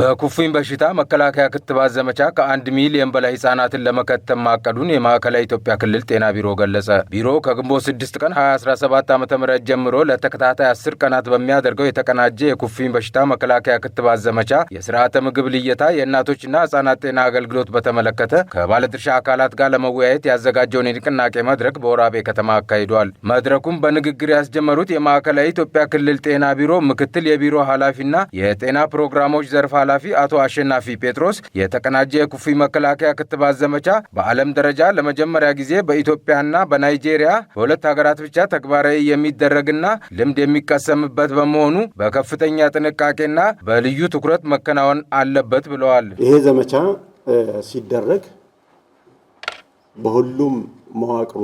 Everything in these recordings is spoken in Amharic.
በኩፍኝ በሽታ መከላከያ ክትባት ዘመቻ ከአንድ ሚሊዮን በላይ ህጻናትን ለመከተብ ማቀዱን የማዕከላዊ ኢትዮጵያ ክልል ጤና ቢሮ ገለጸ። ቢሮ ከግንቦት 6 ቀን 2017 ዓ ም ጀምሮ ለተከታታይ 10 ቀናት በሚያደርገው የተቀናጀ የኩፍኝ በሽታ መከላከያ ክትባት ዘመቻ የስርዓተ ምግብ ልየታ፣ የእናቶችና ህጻናት ጤና አገልግሎት በተመለከተ ከባለድርሻ አካላት ጋር ለመወያየት ያዘጋጀውን የንቅናቄ መድረክ በወራቤ ከተማ አካሂዷል። መድረኩም በንግግር ያስጀመሩት የማዕከላዊ ኢትዮጵያ ክልል ጤና ቢሮ ምክትል የቢሮ ኃላፊና የጤና ፕሮግራሞች ዘርፋ ኃላፊ አቶ አሸናፊ ጴጥሮስ የተቀናጀ የኩፍኝ መከላከያ ክትባት ዘመቻ በዓለም ደረጃ ለመጀመሪያ ጊዜ በኢትዮጵያና በናይጄሪያ በሁለት ሀገራት ብቻ ተግባራዊ የሚደረግና ልምድ የሚቀሰምበት በመሆኑ በከፍተኛ ጥንቃቄና በልዩ ትኩረት መከናወን አለበት ብለዋል። ይሄ ዘመቻ ሲደረግ በሁሉም መዋቅሩ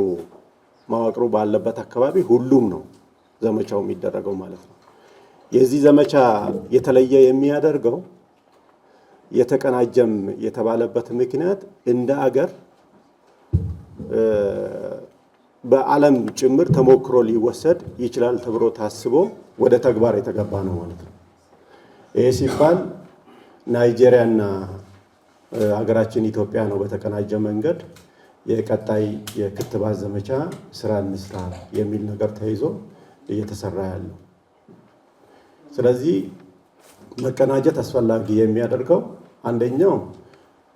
መዋቅሩ ባለበት አካባቢ ሁሉም ነው ዘመቻው የሚደረገው ማለት ነው። የዚህ ዘመቻ የተለየ የሚያደርገው የተቀናጀም የተባለበት ምክንያት እንደ አገር በዓለም ጭምር ተሞክሮ ሊወሰድ ይችላል ተብሎ ታስቦ ወደ ተግባር የተገባ ነው ማለት ነው። ይሄ ሲባል ናይጄሪያና ሀገራችን ኢትዮጵያ ነው በተቀናጀ መንገድ የቀጣይ የክትባት ዘመቻ ስራ እንስራ የሚል ነገር ተይዞ እየተሰራ ያለው። ስለዚህ መቀናጀት አስፈላጊ የሚያደርገው አንደኛው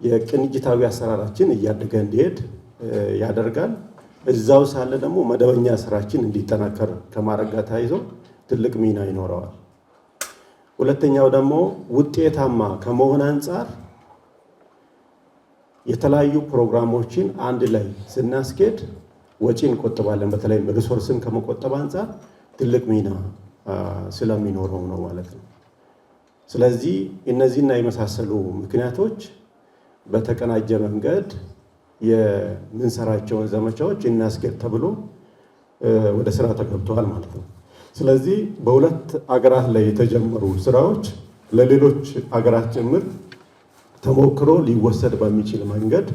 የቅንጅታዊ አሰራራችን እያደገ እንዲሄድ ያደርጋል። እዛው ሳለ ደግሞ መደበኛ ስራችን እንዲጠናከር ከማድረግ ጋር ተያይዞ ትልቅ ሚና ይኖረዋል። ሁለተኛው ደግሞ ውጤታማ ከመሆን አንጻር የተለያዩ ፕሮግራሞችን አንድ ላይ ስናስኬድ ወጪ እንቆጥባለን። በተለይም ሪሶርስን ከመቆጠብ አንጻር ትልቅ ሚና ስለሚኖረው ነው ማለት ነው። ስለዚህ እነዚህና የመሳሰሉ ምክንያቶች በተቀናጀ መንገድ የምንሰራቸውን ዘመቻዎች እናስገድ ተብሎ ወደ ስራ ተገብተዋል ማለት ነው። ስለዚህ በሁለት አገራት ላይ የተጀመሩ ስራዎች ለሌሎች አገራት ጭምር ተሞክሮ ሊወሰድ በሚችል መንገድ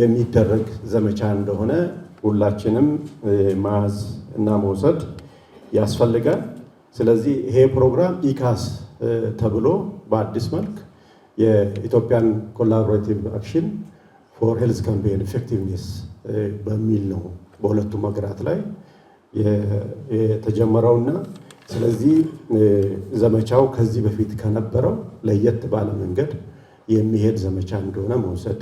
የሚደረግ ዘመቻ እንደሆነ ሁላችንም መያዝ እና መውሰድ ያስፈልጋል። ስለዚህ ይሄ ፕሮግራም ኢካስ ተብሎ በአዲስ መልክ የኢትዮጵያን ኮላቦሬቲቭ አክሽን ፎር ሄልዝ ካምፔን ኢፌክቲቭነስ በሚል ነው በሁለቱም ሀገራት ላይ የተጀመረውና ስለዚህ ዘመቻው ከዚህ በፊት ከነበረው ለየት ባለ መንገድ የሚሄድ ዘመቻ እንደሆነ መውሰድ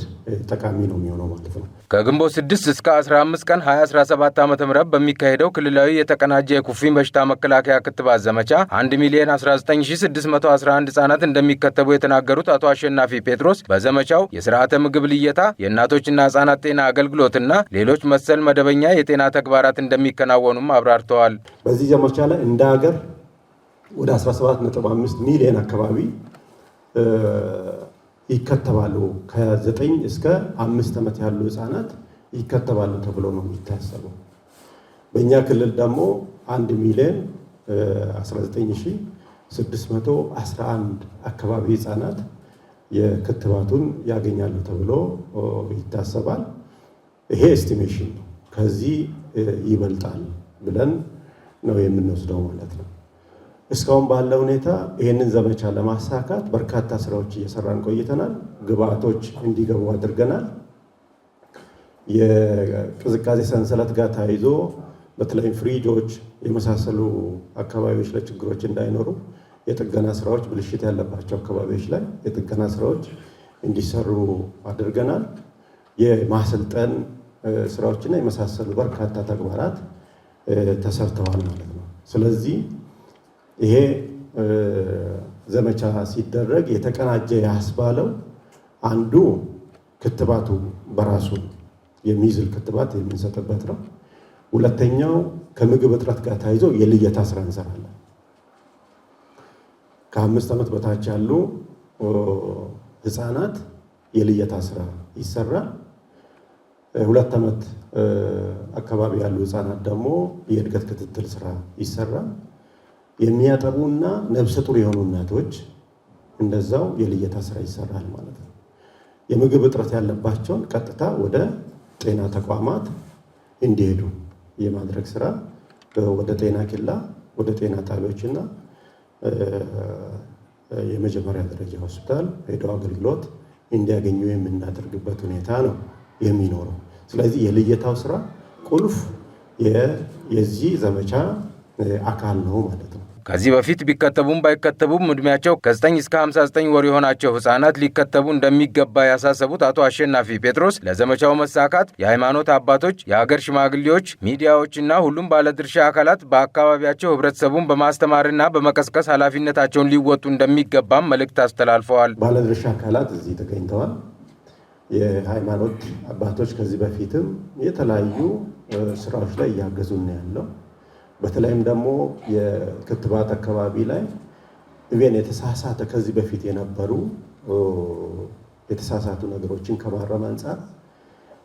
ጠቃሚ ነው የሚሆነው ማለት ነው። ከግንቦት 6 እስከ 15 ቀን 2017 ዓ ም በሚካሄደው ክልላዊ የተቀናጀ የኩፍኝ በሽታ መከላከያ ክትባት ዘመቻ 1 ሚሊዮን 19611 ህጻናት እንደሚከተቡ የተናገሩት አቶ አሸናፊ ጴጥሮስ በዘመቻው የስርዓተ ምግብ ልየታ፣ የእናቶችና ህጻናት ጤና አገልግሎትና ሌሎች መሰል መደበኛ የጤና ተግባራት እንደሚከናወኑም አብራርተዋል። በዚህ ዘመቻ ላይ እንደ ሀገር ወደ 175 ሚሊዮን አካባቢ ይከተባሉ። ከዘጠኝ እስከ አምስት ዓመት ያሉ ህፃናት ይከተባሉ ተብሎ ነው የሚታሰበው። በእኛ ክልል ደግሞ አንድ ሚሊዮን 19611 አካባቢ ህፃናት የክትባቱን ያገኛሉ ተብሎ ይታሰባል። ይሄ ኤስቲሜሽን ነው። ከዚህ ይበልጣል ብለን ነው የምንወስደው ማለት ነው። እስካሁን ባለ ሁኔታ ይህንን ዘመቻ ለማሳካት በርካታ ስራዎች እየሰራን ቆይተናል። ግብአቶች እንዲገቡ አድርገናል። የቅዝቃዜ ሰንሰለት ጋር ተያይዞ በተለይም ፍሪጆች የመሳሰሉ አካባቢዎች ላይ ችግሮች እንዳይኖሩ የጥገና ስራዎች፣ ብልሽት ያለባቸው አካባቢዎች ላይ የጥገና ስራዎች እንዲሰሩ አድርገናል። የማሰልጠን ስራዎችና የመሳሰሉ በርካታ ተግባራት ተሰርተዋል ማለት ነው። ስለዚህ ይሄ ዘመቻ ሲደረግ የተቀናጀ ያስባለው አንዱ ክትባቱ በራሱ የሚዝል ክትባት የምንሰጥበት ነው። ሁለተኛው ከምግብ እጥረት ጋር ተያይዞ የልየታ ስራ እንሰራለን። ከአምስት ዓመት በታች ያሉ ህፃናት የልየታ ስራ ይሰራል። ሁለት ዓመት አካባቢ ያሉ ህፃናት ደግሞ የእድገት ክትትል ስራ ይሰራል። የሚያጠቡና ነፍሰ ጡር የሆኑ እናቶች እንደዛው የልየታ ስራ ይሰራል ማለት ነው። የምግብ እጥረት ያለባቸውን ቀጥታ ወደ ጤና ተቋማት እንዲሄዱ የማድረግ ስራ ወደ ጤና ኬላ፣ ወደ ጤና ጣቢያዎችና የመጀመሪያ ደረጃ ሆስፒታል ሄደው አገልግሎት እንዲያገኙ የምናደርግበት ሁኔታ ነው የሚኖረው። ስለዚህ የልየታው ስራ ቁልፍ የዚህ ዘመቻ አካል ነው ማለት ነው። ከዚህ በፊት ቢከተቡም ባይከተቡም ዕድሜያቸው ከ9 እስከ 59 ወር የሆናቸው ህፃናት ሊከተቡ እንደሚገባ ያሳሰቡት አቶ አሸናፊ ጴጥሮስ ለዘመቻው መሳካት የሃይማኖት አባቶች፣ የሀገር ሽማግሌዎች፣ ሚዲያዎችና ሁሉም ባለድርሻ አካላት በአካባቢያቸው ህብረተሰቡን በማስተማርና በመቀስቀስ ኃላፊነታቸውን ሊወጡ እንደሚገባም መልእክት አስተላልፈዋል። ባለድርሻ አካላት እዚህ ተገኝተዋል። የሃይማኖት አባቶች ከዚህ በፊትም የተለያዩ ስራዎች ላይ እያገዙን ያለው በተለይም ደግሞ የክትባት አካባቢ ላይ ኢቬን የተሳሳተ ከዚህ በፊት የነበሩ የተሳሳቱ ነገሮችን ከማረም አንጻር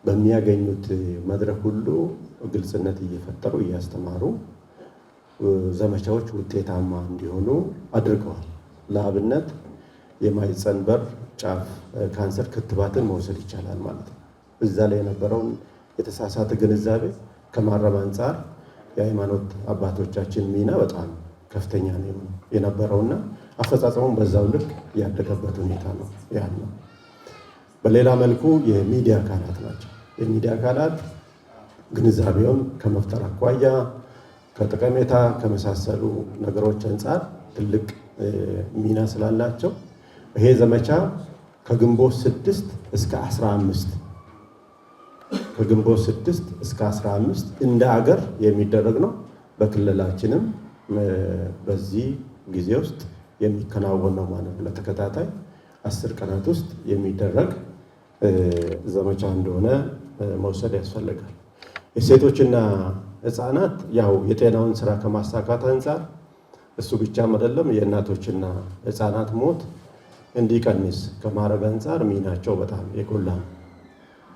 በሚያገኙት መድረክ ሁሉ ግልጽነት እየፈጠሩ እያስተማሩ ዘመቻዎች ውጤታማ እንዲሆኑ አድርገዋል። ለአብነት የማህፀን በር ጫፍ ካንሰር ክትባትን መውሰድ ይቻላል ማለት ነው። እዛ ላይ የነበረውን የተሳሳተ ግንዛቤ ከማረም አንጻር የሃይማኖት አባቶቻችን ሚና በጣም ከፍተኛ ነው የነበረውና አፈጻጸሙን በዛው ልክ ያደገበት ሁኔታ ነው ያለው። በሌላ መልኩ የሚዲያ አካላት ናቸው። የሚዲያ አካላት ግንዛቤውን ከመፍጠር አኳያ ከጠቀሜታ ከመሳሰሉ ነገሮች አንጻር ትልቅ ሚና ስላላቸው ይሄ ዘመቻ ከግንቦት ስድስት እስከ አስራ አምስት ከግንቦት 6 እስከ 15 እንደ አገር የሚደረግ ነው። በክልላችንም በዚህ ጊዜ ውስጥ የሚከናወን ነው ማለት ነው። ለተከታታይ አስር ቀናት ውስጥ የሚደረግ ዘመቻ እንደሆነ መውሰድ ያስፈልጋል። የሴቶችና ህፃናት ያው የጤናውን ስራ ከማሳካት አንጻር እሱ ብቻም አይደለም የእናቶችና ህፃናት ሞት እንዲቀንስ ከማድረግ አንጻር ሚናቸው በጣም የጎላ ነው።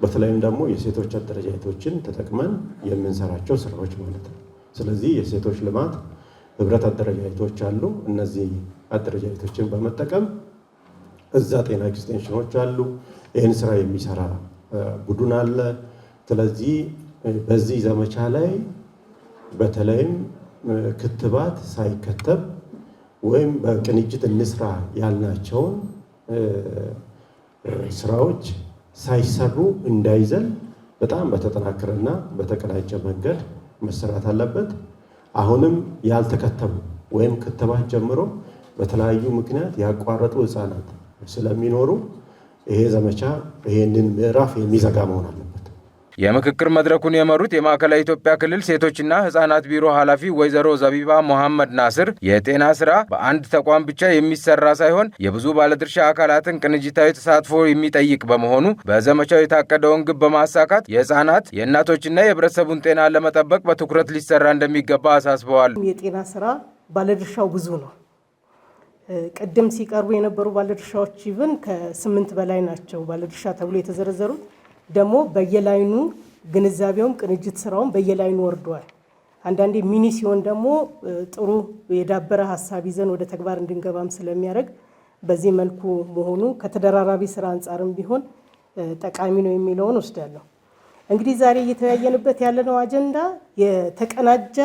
በተለይም ደግሞ የሴቶች አደረጃጀቶችን ተጠቅመን የምንሰራቸው ስራዎች ማለት ነው። ስለዚህ የሴቶች ልማት ህብረት አደረጃጀቶች አሉ። እነዚህ አደረጃጀቶችን በመጠቀም እዛ ጤና ኤክስቴንሽኖች አሉ። ይህን ስራ የሚሰራ ቡድን አለ። ስለዚህ በዚህ ዘመቻ ላይ በተለይም ክትባት ሳይከተብ ወይም በቅንጅት እንስራ ያልናቸውን ስራዎች ሳይሰሩ እንዳይዘል በጣም በተጠናከረና በተቀናጀ መንገድ መሰራት አለበት። አሁንም ያልተከተቡ ወይም ክትባት ጀምሮ በተለያዩ ምክንያት ያቋረጡ ህፃናት ስለሚኖሩ ይሄ ዘመቻ ይሄንን ምዕራፍ የሚዘጋ መሆን አለበት። የምክክር መድረኩን የመሩት የማዕከላዊ ኢትዮጵያ ክልል ሴቶችና ህጻናት ቢሮ ኃላፊ ወይዘሮ ዘቢባ ሞሐመድ ናስር የጤና ስራ በአንድ ተቋም ብቻ የሚሰራ ሳይሆን የብዙ ባለድርሻ አካላትን ቅንጅታዊ ተሳትፎ የሚጠይቅ በመሆኑ በዘመቻው የታቀደውን ግብ በማሳካት የህጻናት የእናቶችና የህብረተሰቡን ጤና ለመጠበቅ በትኩረት ሊሰራ እንደሚገባ አሳስበዋል። የጤና ስራ ባለድርሻው ብዙ ነው። ቅድም ሲቀርቡ የነበሩ ባለድርሻዎች ይብን ከስምንት በላይ ናቸው ባለድርሻ ተብሎ የተዘረዘሩት ደግሞ በየላይኑ ግንዛቤውም ቅንጅት ስራውም በየላይኑ ወርዷል። አንዳንዴ ሚኒ ሲሆን ደግሞ ጥሩ የዳበረ ሀሳብ ይዘን ወደ ተግባር እንድንገባም ስለሚያደርግ በዚህ መልኩ መሆኑ ከተደራራቢ ስራ አንጻርም ቢሆን ጠቃሚ ነው የሚለውን ወስዳለሁ። እንግዲህ ዛሬ እየተወያየንበት ያለነው አጀንዳ የተቀናጀ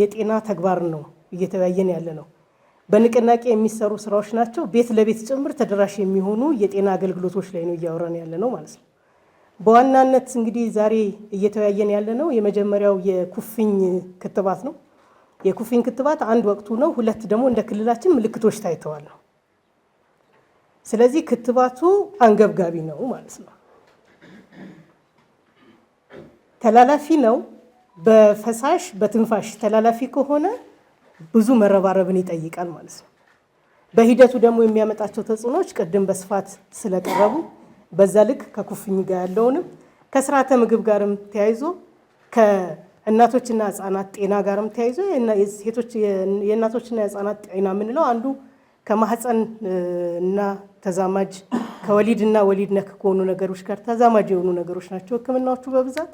የጤና ተግባር ነው። እየተወያየን ያለ ነው በንቅናቄ የሚሰሩ ስራዎች ናቸው። ቤት ለቤት ጭምር ተደራሽ የሚሆኑ የጤና አገልግሎቶች ላይ ነው እያወራን ያለ ነው ማለት ነው። በዋናነት እንግዲህ ዛሬ እየተወያየን ያለ ነው የመጀመሪያው የኩፍኝ ክትባት ነው። የኩፍኝ ክትባት አንድ ወቅቱ ነው፣ ሁለት ደግሞ እንደ ክልላችን ምልክቶች ታይተዋል ነው። ስለዚህ ክትባቱ አንገብጋቢ ነው ማለት ነው። ተላላፊ ነው፣ በፈሳሽ በትንፋሽ ተላላፊ ከሆነ ብዙ መረባረብን ይጠይቃል ማለት ነው። በሂደቱ ደግሞ የሚያመጣቸው ተጽዕኖዎች ቅድም በስፋት ስለቀረቡ በዛ ልክ ከኩፍኝ ጋር ያለውንም ከስርዓተ ምግብ ጋርም ተያይዞ ከእናቶችና ህጻናት ጤና ጋርም ተያይዞ የእናቶችና የህጻናት ጤና የምንለው አንዱ ከማህፀን እና ተዛማጅ ከወሊድና ወሊድ ነክ ከሆኑ ነገሮች ጋር ተዛማጅ የሆኑ ነገሮች ናቸው ህክምናዎቹ በብዛት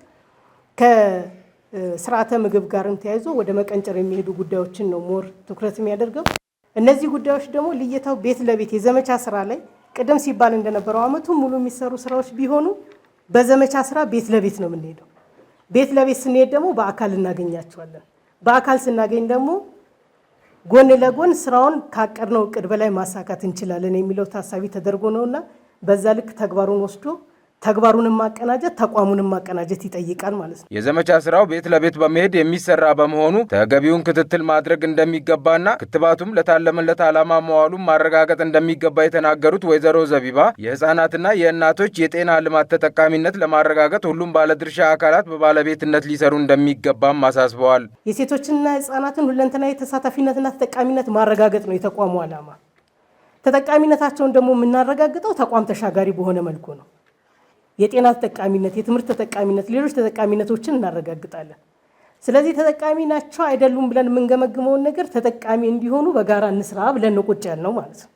ከስርዓተ ምግብ ጋርም ተያይዞ ወደ መቀንጨር የሚሄዱ ጉዳዮችን ነው ሞር ትኩረት የሚያደርገው። እነዚህ ጉዳዮች ደግሞ ልየታው ቤት ለቤት የዘመቻ ስራ ላይ ቅደም ሲባል እንደነበረው አመቱ ሙሉ የሚሰሩ ስራዎች ቢሆኑ በዘመቻ ስራ ቤት ለቤት ነው የምንሄደው። ቤት ለቤት ስንሄድ ደግሞ በአካል እናገኛቸዋለን። በአካል ስናገኝ ደግሞ ጎን ለጎን ስራውን ካቀድነው እቅድ በላይ ማሳካት እንችላለን የሚለው ታሳቢ ተደርጎ ነውና በዛ ልክ ተግባሩን ወስዶ ተግባሩንም ማቀናጀት ተቋሙንም ማቀናጀት ይጠይቃል ማለት ነው። የዘመቻ ስራው ቤት ለቤት በመሄድ የሚሰራ በመሆኑ ተገቢውን ክትትል ማድረግ እንደሚገባና ክትባቱም ለታለመለት ዓላማ መዋሉን ማረጋገጥ እንደሚገባ የተናገሩት ወይዘሮ ዘቢባ የህፃናትና የእናቶች የጤና ልማት ተጠቃሚነት ለማረጋገጥ ሁሉም ባለድርሻ አካላት በባለቤትነት ሊሰሩ እንደሚገባም አሳስበዋል። የሴቶችንና ህፃናትን ሁለንተናዊ ተሳታፊነትና ተጠቃሚነት ማረጋገጥ ነው የተቋሙ ዓላማ። ተጠቃሚነታቸውን ደግሞ የምናረጋግጠው ተቋም ተሻጋሪ በሆነ መልኩ ነው። የጤና ተጠቃሚነት፣ የትምህርት ተጠቃሚነት፣ ሌሎች ተጠቃሚነቶችን እናረጋግጣለን። ስለዚህ ተጠቃሚ ናቸው አይደሉም ብለን የምንገመግመውን ነገር ተጠቃሚ እንዲሆኑ በጋራ እንስራ ብለን ነው ቁጭ ያልነው ማለት ነው።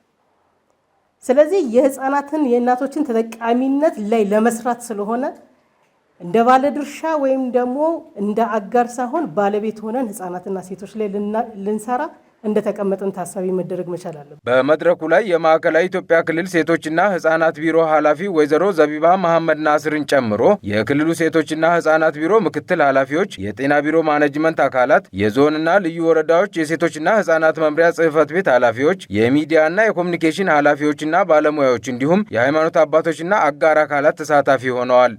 ስለዚህ የህፃናትን የእናቶችን ተጠቃሚነት ላይ ለመስራት ስለሆነ እንደ ባለ ድርሻ ወይም ደግሞ እንደ አጋር ሳይሆን ባለቤት ሆነን ህፃናትና ሴቶች ላይ ልንሰራ እንደተቀመጠን ታሳቢ መደረግ መቻል አለ። በመድረኩ ላይ የማዕከላዊ ኢትዮጵያ ክልል ሴቶችና ህጻናት ቢሮ ኃላፊ ወይዘሮ ዘቢባ መሐመድ ናስርን ጨምሮ የክልሉ ሴቶችና ህጻናት ቢሮ ምክትል ኃላፊዎች፣ የጤና ቢሮ ማኔጅመንት አካላት፣ የዞንና ልዩ ወረዳዎች የሴቶችና ህጻናት መምሪያ ጽህፈት ቤት ኃላፊዎች፣ የሚዲያና የኮሚኒኬሽን ኃላፊዎችና ባለሙያዎች እንዲሁም የሃይማኖት አባቶችና አጋር አካላት ተሳታፊ ሆነዋል።